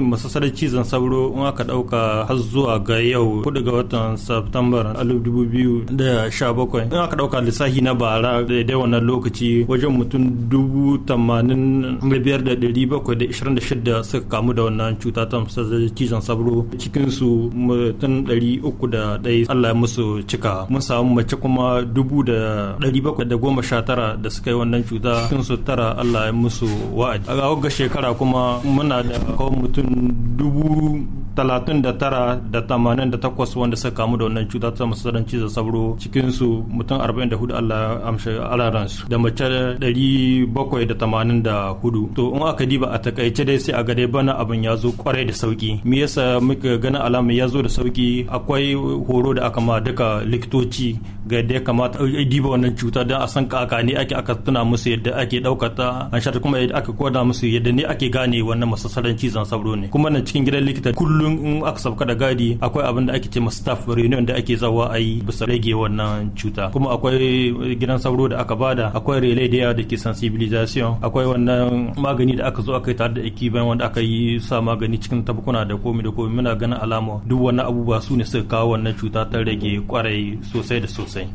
masasarar cizon sauro in aka dauka har zuwa ga yau kudu ga watan september 2017 in aka dauka lissafi na bara daidai wannan lokaci wajen mutum 85,726 suka kamu da wannan cuta ta masasarar cizon sauro cikinsu mutum 301 allah musu cika mun samu mace kuma 719 da suka yi wannan cuta cikinsu tara allah musu wa'adi a ga shekara kuma muna da kawo mutum du talatin da tara da da takwas wanda suka kamu da wannan cuta ta masarar cizon sauro cikinsu mutum da hudu Allah amshe alaransu da mace hudu. to in aka diba a takaice dai sai a ga bana abin ya zo kwarai da sauki me yasa muka gani alamun ya zo da sauki akwai horo da aka ma duka likitoci ga yadda ya kamata a diba wannan cuta don a san kaka ne ake aka tuna musu yadda ake daukata an shata kuma aka koda musu yadda ne ake gane wannan masasaran cizon sauro ne kuma nan cikin gidan likita kullum in aka sauka da gadi akwai abin da ake ce ma staff reunion da ake zawa a yi bisa rage wannan cuta kuma akwai gidan sauro da aka bada akwai relay da yawa da ke sensibilization akwai wannan magani da aka zo aka yi tare da ekipa wanda aka yi sa magani cikin tabkuna da komi da komi muna ganin alama duk wannan abubuwa su ne suka kawo wannan cuta ta rage kwarai sosai da sosai